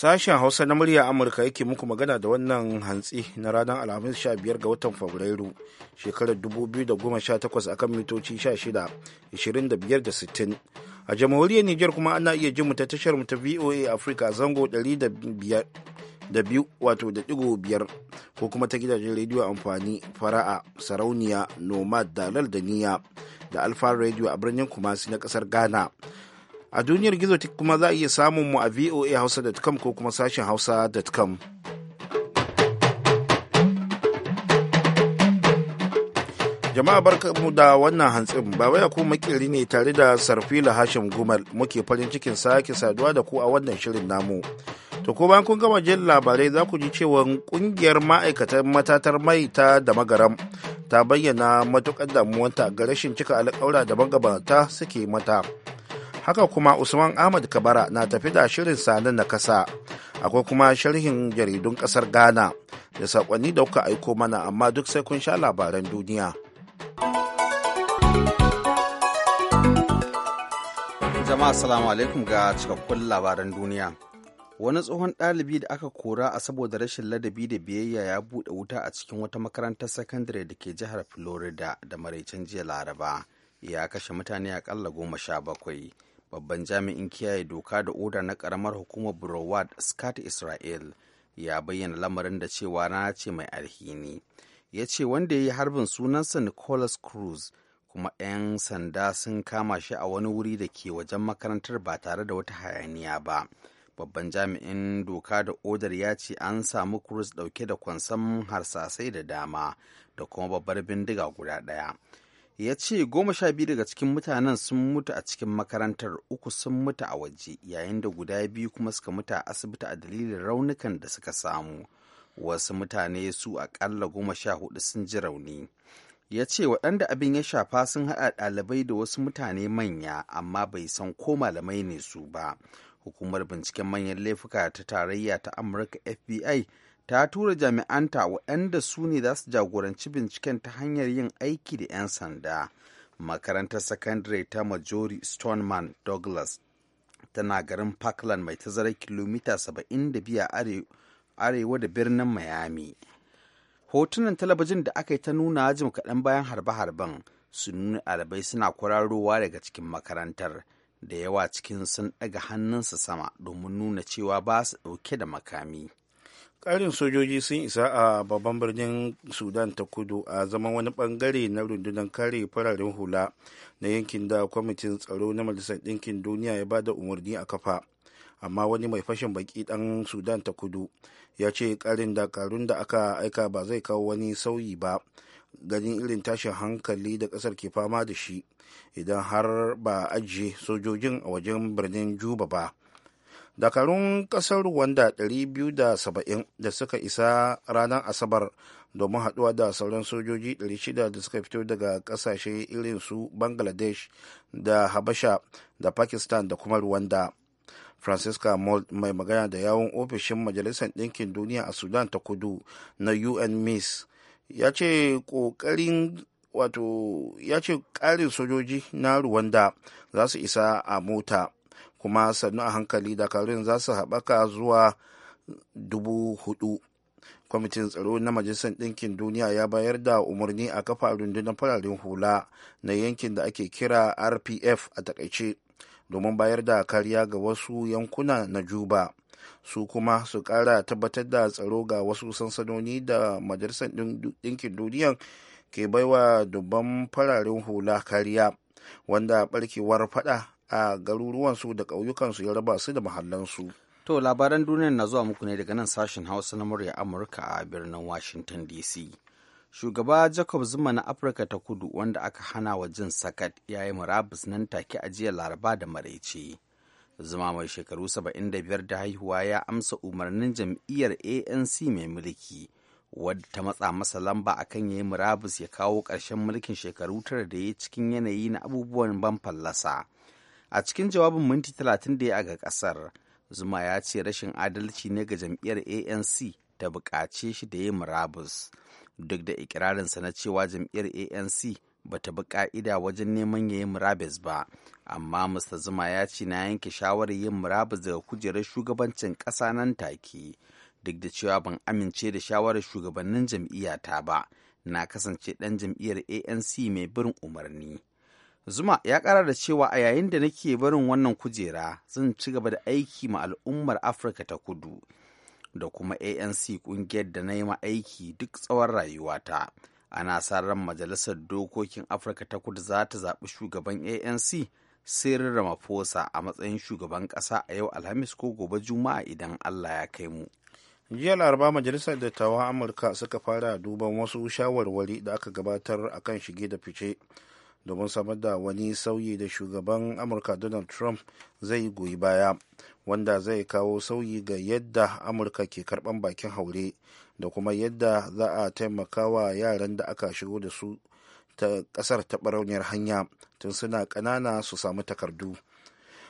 Sashen Hausa na murya Amurka yake muku magana da wannan hantsi na ranar Alhamis 15 ga watan Fabrairu shekarar 2018 kan mitoci 16, 25 da 60. A jamhuriyar Nijar kuma ana iya jin ta tashar mu ta VOA Africa zango 105 ko kuma ta gidajen rediyo amfani fara'a sarauniya nomad dalal da niya da alfa radio a birnin kumasi na kasar ghana a duniyar gizo kuma za a iya samun mu a voa ko kuma sashen hausa.com jama'a mu da wannan hantsin ba waya ko makiri ne tare da sarfila hashim gumal muke farin cikin sake saduwa da ku a wannan shirin namu to ko bayan kun gama jin labarai za ku ji cewa kungiyar ma'aikatan matatar mai ta da magaram ta bayyana matukar damuwanta ga rashin cika alƙawura da magabata suke mata haka kuma usman ahmad kabara na tafi da shirin sanin na kasa akwai kuma sharhin jaridun kasar ghana da saƙonni da kuka aiko mana amma duk sai kun sha labaran duniya jama'a salamu alaikum ga cikakkun labaran duniya wani tsohon ɗalibi da aka kora a saboda rashin ladabi da biyayya ya buɗe wuta a cikin wata makarantar sakandare da ke jihar florida da maraicen jiya laraba ya kashe mutane akalla goma sha bakwai babban jami'in kiyaye doka da oda na karamar hukumar broward scott israel ya bayyana lamarin da cewa na ce mai alhini ya ce wanda ya yi harbin sunansa nicholas cruz kuma 'yan sanda sun kama shi a wani wuri da ke wajen makarantar ba tare da wata hayaniya ba babban jami'in doka da odar ya ce an samu cruz dauke da kwansan harsasai da dama da kuma babbar bindiga guda ɗaya ya ce goma sha biyu daga cikin mutanen sun mutu a cikin makarantar uku sun mutu a waje yayin da guda biyu kuma suka mutu a asibiti a dalilin raunukan da suka samu wasu mutane su akalla goma sha hudu sun ji rauni ya ce waɗanda abin ya shafa sun haɗa ɗalibai da wasu mutane manya amma bai san ko malamai ne su ba hukumar binciken manyan laifuka ta tarayya ta amurka fbi ta tura jami'anta waɗanda su ne za su jagoranci binciken ta hanyar yin aiki da 'yan sanda makarantar secondary ta majori stoneman douglas tana garin parkland mai tazarar kilomita 75 arewa da birnin miami hotunan talabijin da aka yi ta nuna jim kaɗan bayan harbe-harben sun nuna ɗalibai suna kwararowa daga cikin makarantar da yawa cikin sun ɗaga hannunsa sama domin nuna cewa ba su ɗauke da makami ƙarin sojoji sun isa a babban birnin sudan ta kudu a zaman wani bangare na rundunar kare fararen hula na yankin da kwamitin tsaro na majalisar ɗinkin duniya ya bada umarni a kafa amma wani mai fashin baki ɗan sudan ta kudu ya ce ƙarin dakarun da aka aika ba zai kawo wani sauyi ba ganin irin tashin hankali da ƙasar ke fama da shi idan har ba ajiye sojojin a wajen birnin juba ba. dakarun kasar rwanda 270 da suka isa ranar asabar domin haduwa da sauran sojoji 600 da suka fito daga kasashe irin su bangladesh da habasha da pakistan da kuma rwanda francisca mold mai magana da yawon ofishin majalisar ɗinkin duniya a sudan ta kudu na un miss ya ce ƙoƙarin wato ya ce ƙarin sojoji na rwanda za su isa a mota kuma sannu a hankali dakarun za su haɓaka zuwa dubu hudu kwamitin tsaro na majalisar ɗinkin duniya ya bayar da umarni a kafa rundunar fararen hula na yankin da ake kira rpf a takaice domin bayar da kariya ga wasu yankuna na juba su kuma su ƙara tabbatar da tsaro ga wasu sansanoni da majalisar ɗinkin duniya ke baiwa dubban fararen hula kariya wanda barkewar fada a garuruwansu da ƙauyukansu ya raba su da mahallansu. To labaran duniyar na zuwa muku ne daga nan sashen Hausa na murya Amurka a birnin Washington DC. Shugaba Jacob Zuma na Afirka ta kudu wanda aka hana wa jin sakat ya yi murabus nan take a jiya laraba da maraice. Zuma mai shekaru 75 da haihuwa ya amsa umarnin jam'iyyar ANC mai mulki. wadda ta matsa masa lamba akan kan yayi murabus ya kawo ƙarshen mulkin shekaru tara da ya cikin yanayi na abubuwan ban fallasa a cikin jawabin minti talatin da ya ga kasar zuma ya ce rashin adalci ne ga jam'iyyar anc ta buƙace shi da yin murabus duk da ikirarinsa na cewa jam'iyyar anc ba ta bi ƙa'ida wajen neman ya yi murabus ba amma mr zuma ya ce na yanke shawarar yin murabus daga kujerar shugabancin ƙasa nan take duk da cewa ban amince da shawarar shugabannin jam'iyyata ba na kasance ɗan jam'iyyar anc mai birin umarni Zuma ya kara da cewa a yayin da nake barin wannan kujera zan ci gaba da aiki ma al'ummar Afirka ta kudu da kuma ANC ƙungiyar da na yi ma aiki duk tsawon rayuwata. Ana sa ran Majalisar Dokokin Afirka ta kudu za ta zaɓi shugaban ANC Cyril Ramaphosa a matsayin shugaban ƙasa a yau Alhamis ko gobe Juma'a idan Allah ya kai mu. jiya laraba majalisar dattawan amurka suka fara duban wasu shawarwari da aka gabatar akan shige da fice domin samar da wani sauyi da shugaban amurka donald trump zai goyi baya wanda zai kawo sauyi ga yadda amurka ke karban bakin haure da kuma yadda za a taimaka wa yaran da aka shigo da su ta kasar taɓarauniyar hanya tun suna ƙanana su samu takardu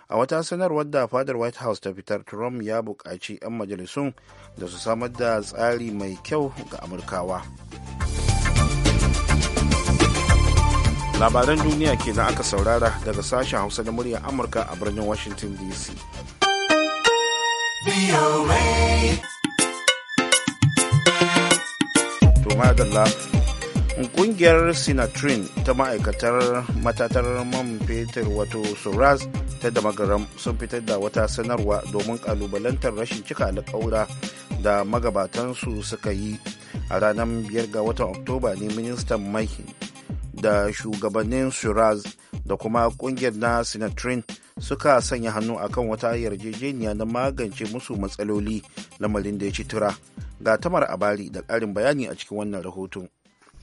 a wata sanarwar da fadar white house ta fitar trump ya buƙaci 'yan majalisun da su samar da tsari mai kyau ga amurkawa. labaran duniya ke na aka saurara daga sashen hausa na murya amurka a birnin washington dc kungiyar sinatrin ta ma'aikatar matatar man fetur wato soras ta damagaram sun fitar da wata sanarwa domin kalubalantar rashin cika alƙawura da magabatansu suka yi a ranar 5 ga watan oktoba ne ministan mai da shugabannin shiraz da kuma kungiyar na sinatrin suka sanya hannu akan wata yarjejeniya na magance musu matsaloli lamarin da ya ci tura ga tamar abari da karin bayani a cikin wannan rahoton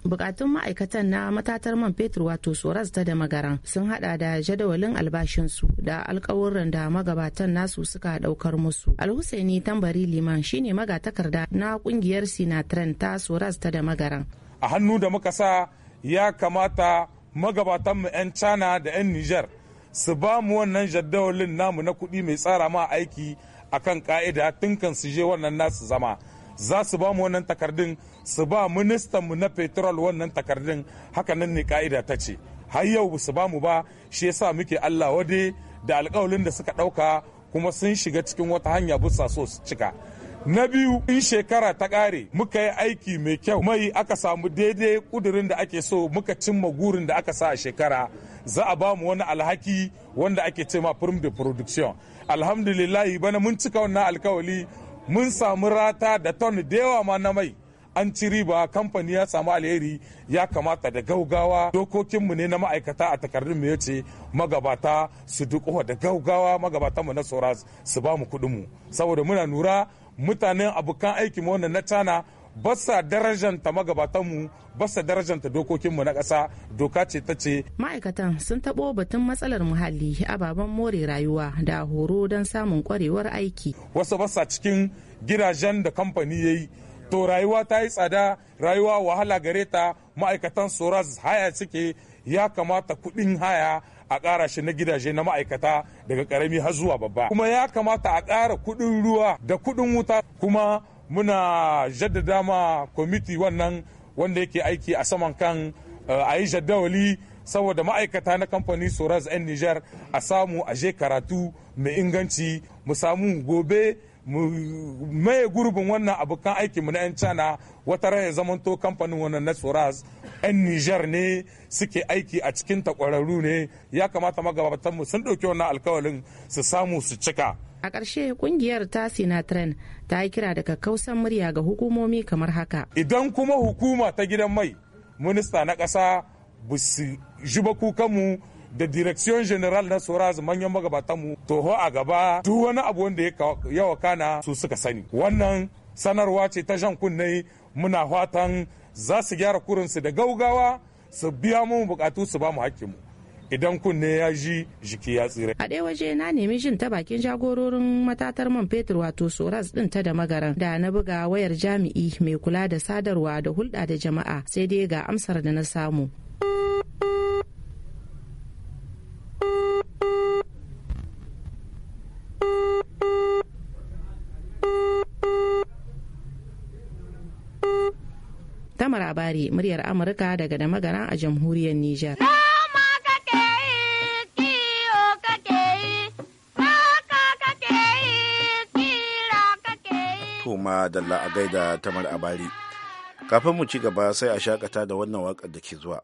bukatun ma'aikatan na matatar man fetur wato soras ta da magaran sun hada da jadawalin albashinsu da alkawurran da magabatan nasu suka daukar musu alhusaini tambari liman shine magatakarda na kungiyar sinatren ta soras ta da magaran a hannu da muka sa ya kamata magabatanmu 'yan china da 'yan niger su ba mu wannan jadawalin namu na kuɗi mai tsara ma aiki akan ka'ida tun kan su je wannan nasu zama za su ba mu wannan takardun su ba ministan mu na petrol wannan takardun hakanan ne ka'ida ta ce har yau su ba mu ba shi ya sa muke Allah wade da alkawalin da suka ɗauka kuma sun shiga cikin wata hanya busa so su cika na biyu in shekara ta ƙare muka yi aiki mai kyau mai aka samu daidai ƙudurin da ake so muka cimma gurin da aka sa a shekara za a ba mu wani alhaki wanda ake ce ma firm de production alhamdulillahi bana mun cika wannan alkawali mun samu rata da ton da yawa ma na mai an ci riba kamfani ya samu alheri ya kamata da gaugawa dokokinmu ne na ma'aikata a takardun mu yace magabata su duk da gaugawa magabata mu na soras su ba mu kuɗin mu saboda muna nura mutanen abokan aiki mu wannan na cana ba sa darajanta magabatanmu ba sa darajanta dokokinmu na ƙasa doka ce ta ce. Ma'aikatan sun taɓo batun matsalar muhalli ababen more rayuwa da horo don samun ƙwarewar aiki. Wasu ba sa cikin gidajen da kamfani yayi To rayuwa ta yi tsada, rayuwa wahala gare ta ma'aikatan Soraz haya suke ya kamata kuɗin haya a ƙara shi na gidaje na ma'aikata daga ƙarami har zuwa babba kuma ya kamata a ƙara kuɗin ruwa da kuɗin wuta kuma muna jaddada ma kwamiti wannan wanda yake aiki a saman kan eh, a yi jaddawali saboda ma'aikata na kamfani soraz 'yan nijar a samu a karatu mai inganci mu samu gobe mu maye gurbin wannan abokan aikin mu na 'yan cana wata ya zamanto kamfanin wannan na tsoras 'yan niger ne suke aiki a cikin takwararru ne ya kamata magabatanmu mu sun ɗauki wannan alkawalin su samu su cika a ƙarshe kungiyar ta tren ta yi kira daga kausan murya ga hukumomi kamar haka idan kuma hukuma ta gidan mai minista na ƙasa ba su ji kukanmu da direction general na soraz manyan magabatan to toho a gaba duk wani abu wanda ya wakana su suka sani wannan sanarwa ce ta jan kunne muna fatan za su gyara su da gaugawa su biya mu bukatu su ba mu mu idan kunne ya ji jiki ya tsira. A ɗaya waje na nemi jin ta bakin jagororin matatar man fetur wato Soras ɗin ta da magaran da na buga wayar jami'i mai kula da sadarwa da hulɗa da jama'a sai dai ga amsar da na samu. Labari muryar Amurka daga da a jamhuriyar Nijar. kuma da a gaida tamar bari Kafin mu ci gaba sai a shakata da wannan wakar da ke zuwa.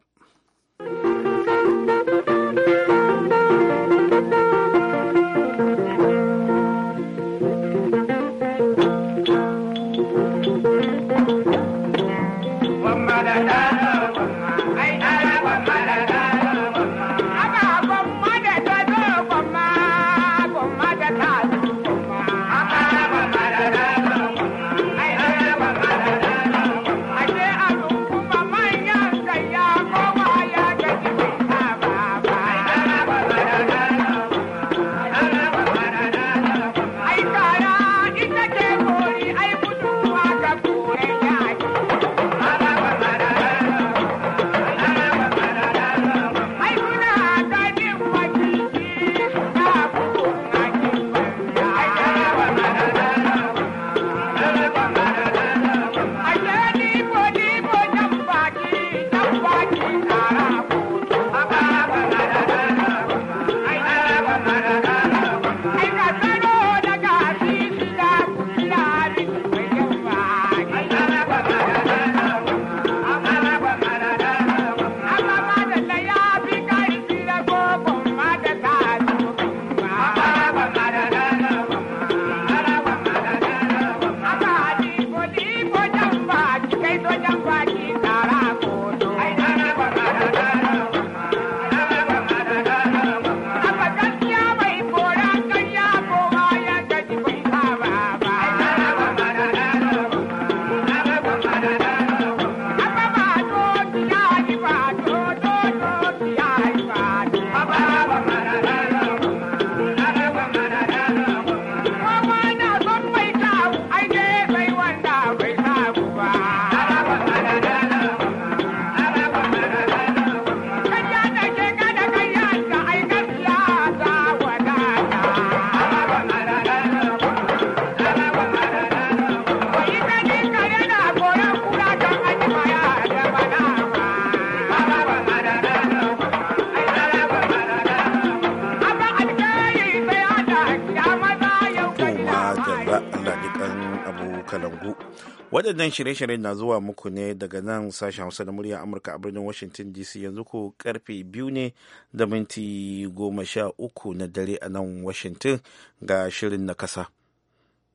waɗannan shirye-shiryen na zuwa muku ne daga nan sashen hausa na murya amurka a birnin washington dc yanzu ku karfe biyu ne da minti goma sha uku na dare a nan washington ga shirin na kasa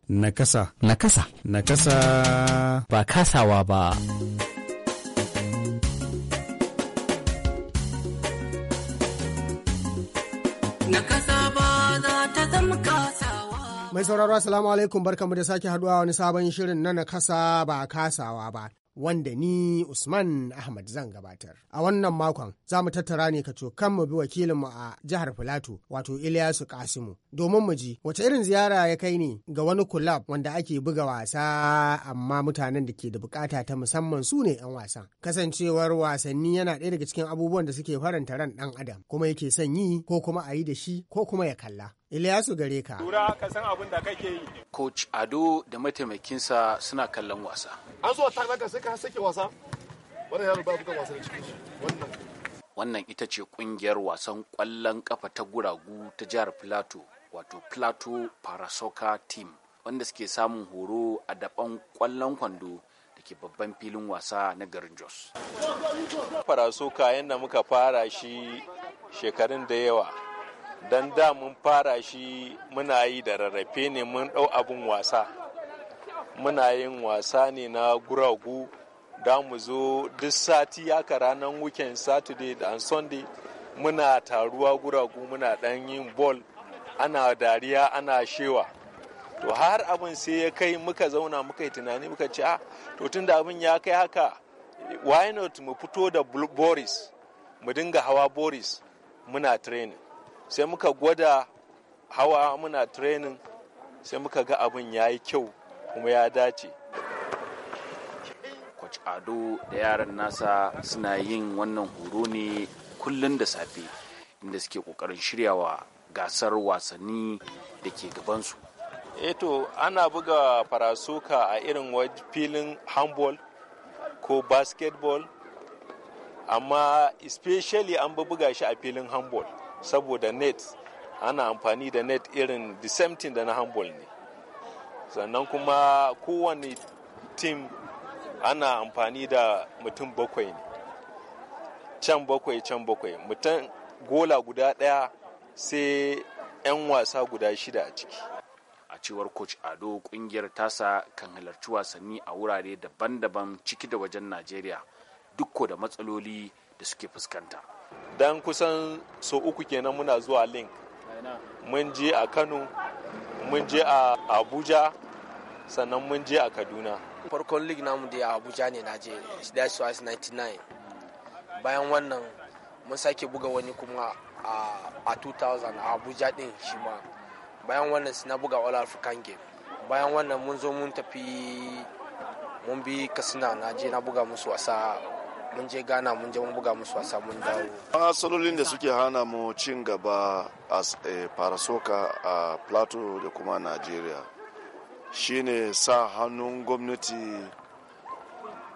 na kasa na kasa na kasa ba kasawa ba na kasa Mai sauraro Assalamu alaikum barkamu da sake haduwa wani sabon shirin na kasa ba kasawa ba. Wanda ni Usman Ahmad zan gabatar. A wannan makon za mu tattara ne ka cokan mu bi wakilinmu a jihar Filato wato Ilyasu Kasimu domin mu ji wace irin ziyara ya kai ne ga wani kulab wanda ake buga wasa amma mutanen da ke da bukata ta musamman su ne 'yan wasan. Kasancewar wasanni yana ɗaya daga cikin abubuwan da suke faranta ran ɗan adam kuma yake son yi ko kuma a yi da shi ko kuma ya kalla. Ilyasu gare ka. Tura ka san abin da kake yi. Coach Ado da mataimakinsa suna kallon wasa. An zo ta daga sai ka sake wasa. Wannan yaro ba buga wasan cikin shi. Wannan Wannan ita ce kungiyar wasan kwallon kafa ta guragu ta jihar Plateau, wato Plateau Parasoka Team, wanda suke samun horo a daban kwallon kwando da ke babban filin wasa na garin Jos. Parasoka yadda muka fara shi shekarun da yawa don da mun fara shi muna yi da rarrafe ne mun ɗau abin wasa muna yin wasa ne na guragu da mu zo duk sati haka ranar weekend saturday da sunday muna taruwa guragu muna ɗan yin ball ana dariya ana shewa to har abin sai ya kai muka zauna muka yi tunani muka ce a ah, to tun da abin ya kai haka why not mu fito da boris mu dinga hawa boris muna training sai muka gwada hawa muna training sai muka ga abin ya yi kyau kuma ya dace coach ado da yaran nasa suna yin wannan horo ne kullum da safe inda suke kokarin shiryawa gasar wasanni da ke gabansu eto eh ana buga farasoka a irin filin handball ko basketball amma especially an buga shi a filin handball saboda net ana amfani da net irin the same thing da na handball ne sannan kuma kowane team ana amfani da mutum bakwai ne can bakwai can bakwai mutum gola guda ɗaya sai 'yan wasa guda shida a ciki a cewar coach ado kungiyar tasa kan halarci wasanni a wurare daban-daban ciki da wajen najeriya duk da matsaloli da suke fuskanta dan kusan so uku kenan muna zuwa link mun je a kano mun je a abuja sannan mun je a kaduna farkon league namu da a abuja ne na je that's 99 bayan wannan mun sake buga wani kuma a 2000 a abuja din shi ma bayan wannan na buga all african game bayan wannan mun zo mun tafi mun bi kasina na je na buga musu wasa mun je Ghana mun je mun buga musu wasa mun dawo. Asalolin da suke hana mu cin gaba a farasoka eh, a Plateau da kuma Najeriya shine sa hannun gwamnati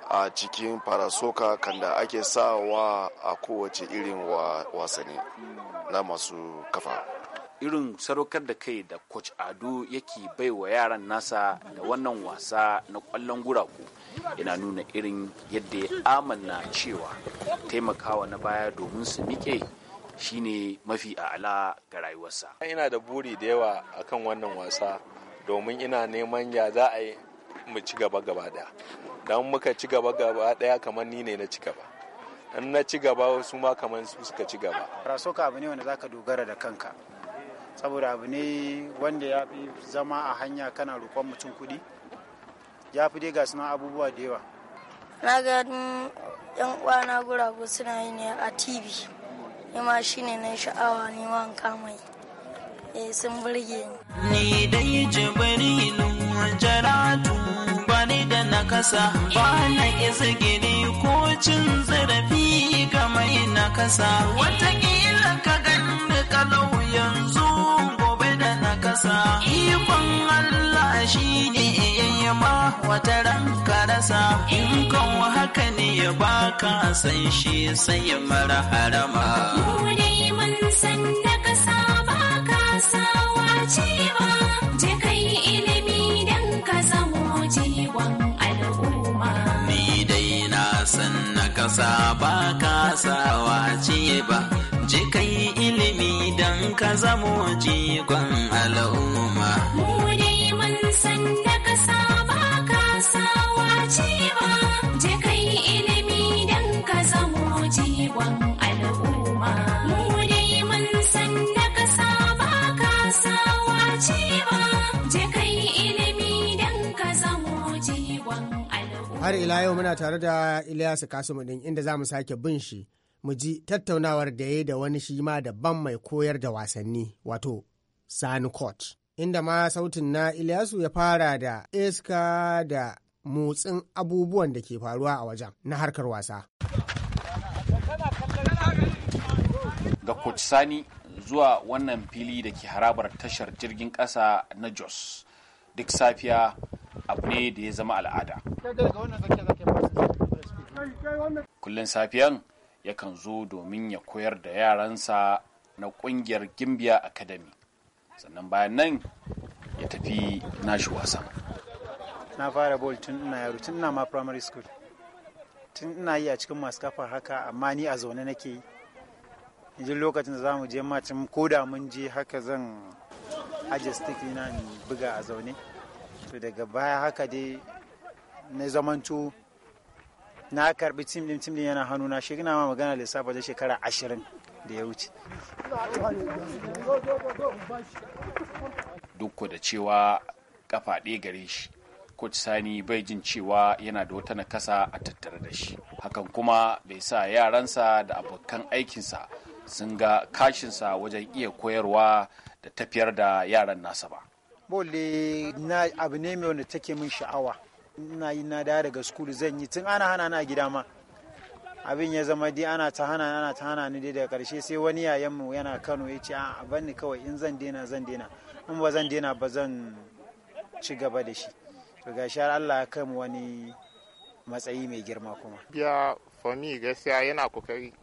a cikin farasoka kanda ake sawa a kowace irin wasanni na masu kafa. irin sadaukar da kai da coach ado yake bai wa yaran nasa da wannan wasa na kwallon guraku yana nuna irin yadda ya amanna cewa taimakawa na baya domin su miƙe shine mafi a'ala ga rayuwarsa ina da buri da yawa akan wannan wasa domin ina neman ya za a yi mu ci gaba gaba daya don muka ci gaba gaba daya kamar ni ne na ci gaba in na ci gaba su ma kamar su suka ci gaba rasoka abu ne wanda zaka dogara da kanka saboda abu ne wanda ya fi zama a hanya kana roƙon mutum kuɗi ya fi dai ga suna abubuwa da yawa na gani yan uwana guragu suna yi ne a tv ma shi ne na sha'awa ne wan kamai eh sun burge ni ni dai jibrilu jaratu bani da nakasa ba na izgiri ko cin zarafi kamar nakasa watakila ka gani ni yanzu gobe da na kasa ikon Allah shi ne yayyama wata ran ka rasa in haka ne ya baka san shi sai ya mara harama mu dai mun san na kasa ba ka sawa ce ba je kai ilimi dan ka zamo jiwon al'umma ni dai na san na kasa ba kasawa sawa ce ba don ka zamo jigon al'umma. Mu dai mun san da ba kasawa ce ba, je ilimi don ka zamo jigon al'umma. Mu dai mun san da ba kasawa ce ba, je ilimi don ka zamo jigon al'umma. Har ila yau muna tare da Ilyasu Kasimu ɗin inda za mu sake bin shi. mu ji tattaunawar da ya da wani shi ma daban mai koyar da wasanni wato Sani Court. Inda ma sautin na Ilyasu ya fara da iska da motsin abubuwan da ke faruwa a wajen na harkar wasa. Ga Coach Sani zuwa wannan fili da ke harabar tashar jirgin ƙasa na Jos duk safiya abu ne da ya zama al'ada. Kullum safiyan yakan zo domin ya koyar da yaransa na kungiyar Gimbiya Academy. Sannan bayan nan ya tafi nashi wasan. Na fara bol tun ina yaro tun ina ma primary school. Tun ina yi a cikin masu kafa haka amma ni a zaune nake yi. Yanzu lokacin da za mu je macin ko da mun je haka zan aje stick na buga a zaune. To daga baya haka dai na zamanto na karbi timlin timlin yana hannuna shi gina ma magana lissafa wajen shekara ashirin da ya wuce duk da cewa kafa ɗaya gare shi coach sani bai jin cewa yana da wata nakasa a tattare da shi hakan kuma bai sa yaransa da abokan aikinsa sun ga kashinsa wajen iya koyarwa da tafiyar da yaran nasa ba. Bole na abu ne mai wanda take min sha'awa ina yi na da daga school zan yi tun ana hana na gida ma abin ya zama dai ana ta hana ana ta hana ni dai daga karshe sai wani yayan mu yana Kano ya ce a ban kawai in zan daina zan daina in ba zan daina ba zan ci gaba da shi to gashi har Allah ya kai mu wani matsayi mai girma kuma biya for me gaskiya yana kokari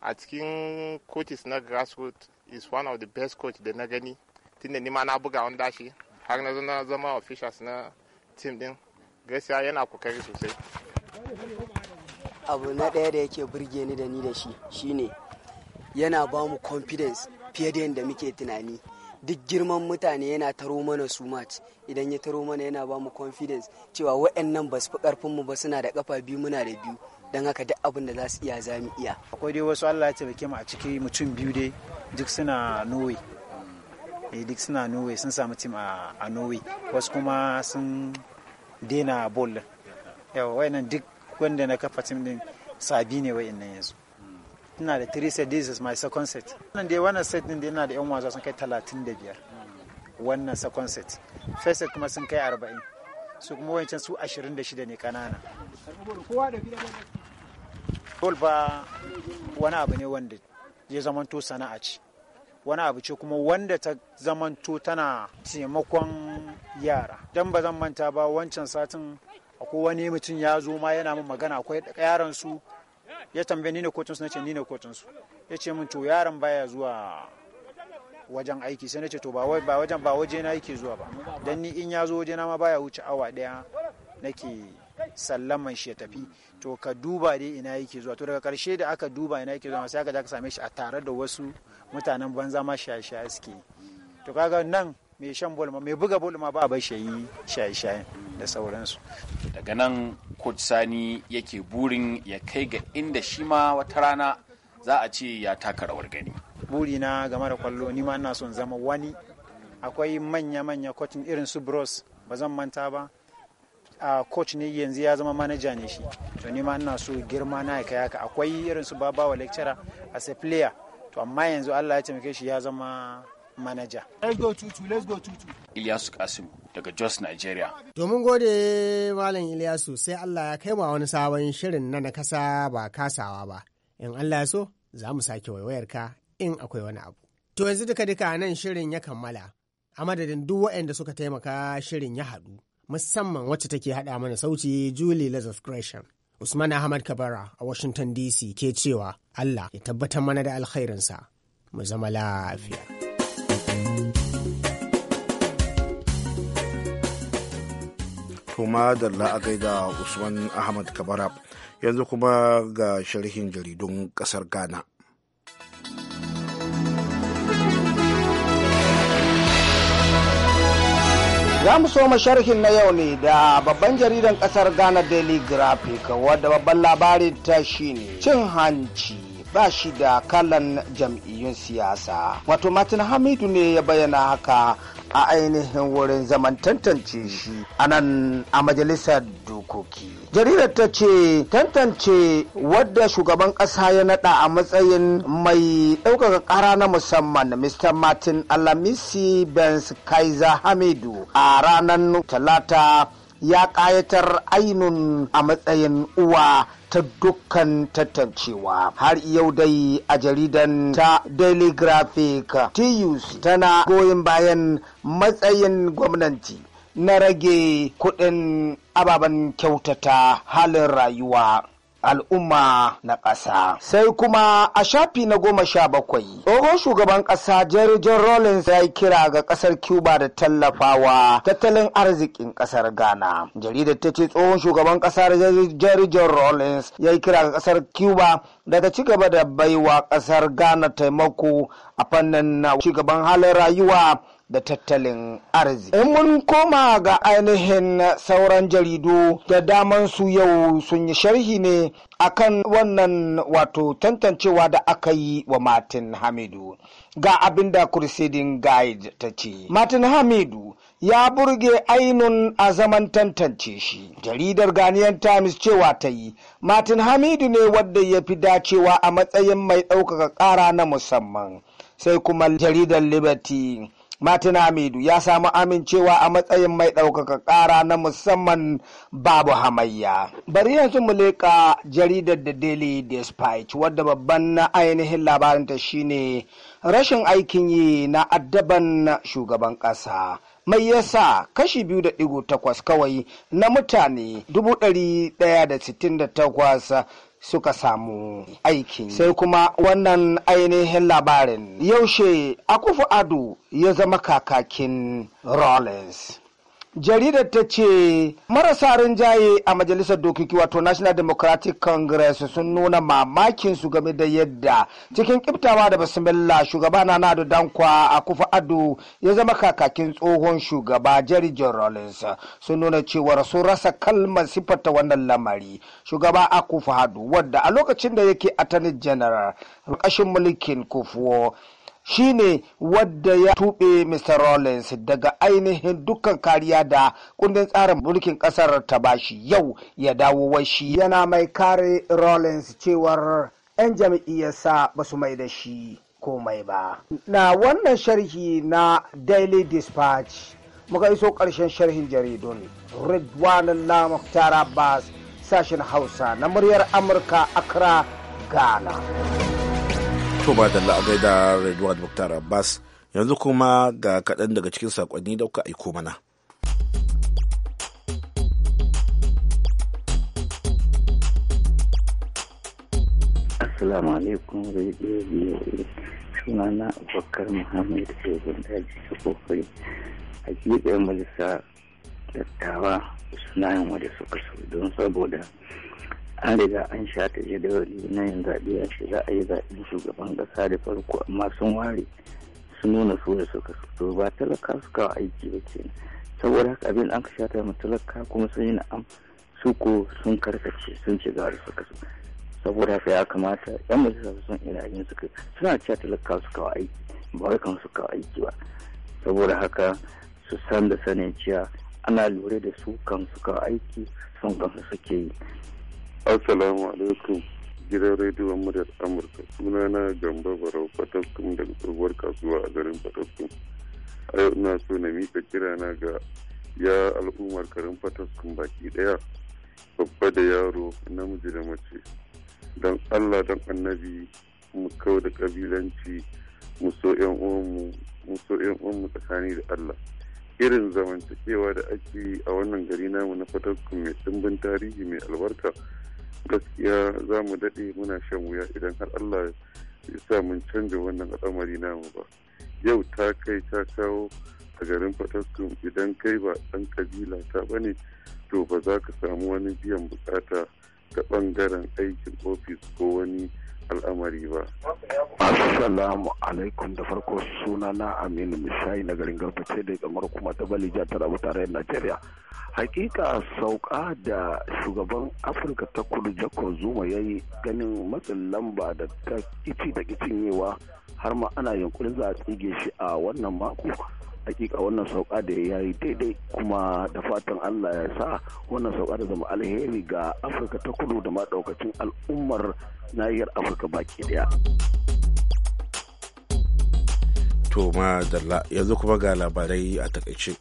a cikin coaches na grassroots is one of the best coach da na gani tunda ni ma na buga wani dashi har na zama officials na team din gaskiya yana kokari sosai abu na ɗaya da yake burge ni da ni da shi shine yana ba mu confidence fiye da yadda muke tunani duk girman mutane yana taro mana su much idan ya taro mana yana ba mu confidence cewa waɗannan ba su fi ƙarfin mu ba suna da kafa biyu muna da biyu don haka duk abin da za su iya za mu iya akwai dai wasu Allah ya tabbake mu a ciki mutum biyu dai duk suna Norway eh duk suna Norway sun samu tim a Norway wasu kuma sun daina bol din yawa wayannan duk wanda na kafa tim din sabi ne wayannan yanzu ina da three set this is my second set wannan dai wannan set din yana da yan wasa sun kai 35 wannan second set first set kuma sun kai 40 su kuma wancan su 26 ne kanana bol ba wani abu ne wanda ya zama to sana'a ce wani abu ce kuma wanda ta zamanto tana taimakon yara don ba zan manta ba wancan satin akwai wani mutum ya zo ma yana min magana akwai yaran su ya tambaye ni ne kotun su nace ni ne kotun su ya ce min to yaron baya zuwa wajen aiki sai nace to ba wajen ba waje na yake zuwa ba dan ni in ya zo waje na ma baya wuce awa daya nake sallaman shi ya tafi to ka duba dai ina yake zuwa to daga karshe da aka duba ina yake zuwa sai aka ka same shi a tare da wasu mutanen banza ma shaye-shaye suke to kaga nan mai shan bol mai buga bol ma ba bai shayi shaye-shaye da sauransu daga nan coach sani yake burin ya kai ga inda shi ma wata rana za a ce ya taka rawar gani buri na game da kwallo ni ma ina son zama wani akwai manya-manya kotun irin su bros ba zan manta ba coach ne yanzu ya zama manager ne shi to ni ma ina so girma na ya kai haka akwai irin su babawa lecturer as a player to amma yanzu Allah ya taimake shi ya zama manager let's go tutu let's go tutu Ilyasu Kasim daga Jos Nigeria domin gode malam Ilyasu sai Allah ya kai wa wani sabon shirin na na kasa ba kasawa ba in Allah ya so za mu sake waiwayar ka in akwai wani abu to yanzu duka duka nan shirin ya kammala a madadin duk waɗanda suka taimaka shirin ya haɗu musamman wacce take haɗa mana sauci, Julie Lazarus Gresham. Usman Ahmad Kabara a Washington DC ke cewa Allah ya tabbatar mana da alkhairinsa. Mu zama lafiya. Kuma da la'agai ga Usman Ahmad Kabara yanzu kuma ga sharhin jaridun ƙasar Ghana. Za mu so sharhin na yau ne da babban jaridan kasar Ghana Daily Graphic wadda babban labari ta shine cin hanci. ba shi da kalan jam'iyyun siyasa. Wato Martin Hamidu ne ya bayyana haka a ainihin wurin zaman tantance shi a nan a majalisar dokoki jaridar ta ce tantance wadda shugaban ƙasa ya nada a matsayin mai ɗaukaka ƙara na musamman mr martin alamisi benz kaiser hamidu a ranar talata ya ƙayatar ainun a matsayin uwa ta dukkan tattancewa har yau dai a jaridan ta daily graphic tuc tana goyon bayan matsayin gwamnati na rage kuɗin ababen kyautata halin rayuwa al'umma na ƙasa. Sai kuma a shafi na goma sha bakwai, tsohon shugaban ƙasa Jerry John Rawlings ya yi kira ga ƙasar Cuba da tallafawa tattalin arzikin ƙasar Ghana. Jaridar ta ce tsohon shugaban ƙasar Jerry John Rawlings ya yi kira ga ƙasar Cuba daga ci gaba da baiwa ƙasar Ghana taimako a fannin na shugaban halin rayuwa da tattalin arziki. In mun koma ga ainihin sauran jaridu da daman su yau sun yi sharhi ne a kan wannan wato tantancewa da aka yi wa Martin Hamidu. Ga abin da Crusading Guide ta ce. Martin Hamidu ya burge ainun a zaman tantance shi. Jaridar Ghanaian Times cewa ta yi, Martin Hamidu ne wadda ya fi dacewa a matsayin mai ɗaukaka ƙara na musamman. Sai kuma jaridar Liberty martin hamidu ya samu amincewa a matsayin mai ɗaukaka ƙara na musamman babu hamayya bari yanzu mu leƙa jaridar da daily dispatch wadda babban na ainihin labarinta shine rashin aikin yi na addaban shugaban ƙasa mai yasa kashi biyu da digo takwas kawai na mutane dubu ɗari ɗaya da sittin da takwas suka samu aiki sai kuma wannan ainihin labarin yaushe akufu ado ya zama kakakin rollins jaridar ta ce marasa rinjaye a majalisar dokoki wato national democratic congress sun nuna mamakin su game da yadda cikin kiftawa da basmilla shugaba na da dankwa a kufa ado ya zama kakakin tsohon shugaba jerry john rollins sun nuna cewar sun rasa kalmar siffata wannan lamari shugaba a kufa ado wadda a lokacin da yake attorney general ƙashin mulkin kufuwa shi ne wadda ya tuɓe Mr. Rawlings daga ainihin dukkan kariya da kundin tsarin mulkin ƙasar ta bashi yau ya dawo shi yana mai kare Rawlings cewar 'yan jam'iyyarsa ba su mai da shi komai ba. Na wannan sharhi na Daily Dispatch muka iso ƙarshen sharhin jaridun Ridwan Lamuktar Abbas sashen Hausa na muryar Amurka Accra, Ghana. To ba da la'agai da Redwood Muktar Abbas yanzu kuma ga kaɗan daga cikin saƙonni da kuka aiko mana. Assalamu alaikum radio suna na Abubakar Muhammad Shegun Daji a a hakikar majalisa dattawa suna yin wadda suka so don saboda an riga an shata jadawali na yin zaɓe a shi za a yi zaɓen shugaban ƙasa da farko amma sun ware su nuna su da suka so ba talaka kawo aiki ba ke saboda haka abin an ka shata mu talaka kuma sun yi na'am su ko sun karkace sun ci gari suka so saboda haka ya kamata yan majalisa su sun ina yin suka suna cewa talaka su kawo aiki ba wai kan kawo aiki ba saboda haka su san da sanin cewa ana lura da su kan su kawo aiki sun su suke yi Assalamu alaikum gidan rediyon muryar Amurka suna na Gamba Barau fatakun daga tsohuwar kasuwa a garin Fataskum. A yau ina so na mika kirana ga ya al'ummar garin Fataskum baki daya babba da yaro namiji da mace. Don Allah don annabi mu kau da kabilanci mu so yan uwanmu tsakani da Allah. Irin zamantakewa da ake a wannan gari namu na Fataskum mai tsimbin tarihi mai albarka gaskiya za mu daɗe muna shan wuya idan har allah ya sa mun canja wannan al'amari namu ba yau ta kai ta kawo a garin fatastu idan kai ba ɗan kabila ta bane to ba za ka samu wani biyan bukata ta ɓangaren aikin ofis ko wani al'amari ba. Assalamu alaikum da farko suna na Aminu Mishayi na garin Garbace da kamar kuma ta Balija ta rabu da Najeriya. hakika sauka da shugaban afirka ta kudu jacob zuma ya yi ganin matsin lamba da ta kici da kicin kicinyewa har ma ana yunkurin za a tsige shi a wannan mako hakika wannan sauka da ya yi daidai kuma da fatan allah ya sa wannan sauka da zama alheri ga afirka ta kudu da ma daukacin al'ummar nahiyar afirka baki daya to ma yanzu kuma ga labarai a takaice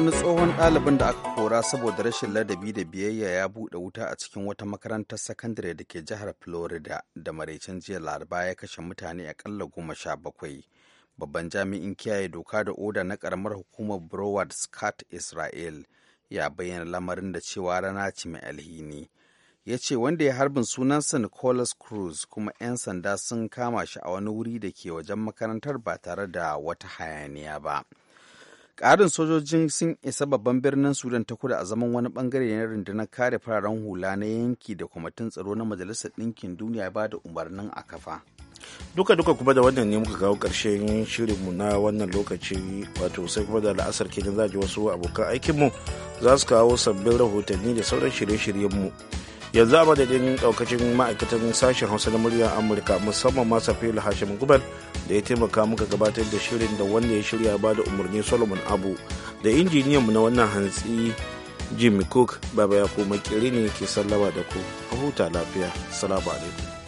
wani tsohon ɗalibin da aka kora saboda rashin ladabi da biyayya ya buɗe wuta a cikin wata makarantar sakandare da ke jihar florida da maraicin jiya laraba ya kashe mutane aƙalla goma sha bakwai babban jami'in kiyaye doka da oda na ƙaramar hukumar broward scott israel ya bayyana lamarin da cewa rana ce mai alhini ya ce wanda ya harbin sunan sunansa nicholas cruz kuma 'yan sanda sun kama shi a wani wuri da ke wajen makarantar ba tare da wata hayaniya ba. ƙarin sojojin sun isa babban birnin sudan ta kudu a zaman wani bangare na rundunar kare fararen hula na yanki da kwamitin tsaro na majalisar ɗinkin duniya ya bada umarnin a kafa duka duka kuma da wannan ne muka kawo ƙarshen shirinmu na wannan lokaci wato sai kuma da la'asar kenan za ji wasu abokan aikinmu za su kawo sabbin rahotanni da sauran shirye-shiryenmu yanzu a madadin daukacin ma'aikatan sashen hausa na muryar amurka musamman masa fil hashim gubal da ya taimaka muka gabatar da shirin da wanda ya shirya ba da umarni solomon abu da injiniyan mu na wannan hantsi jimmy cook baba ya koma kiri ne ke sallama da ku a huta lafiya salamu alaikum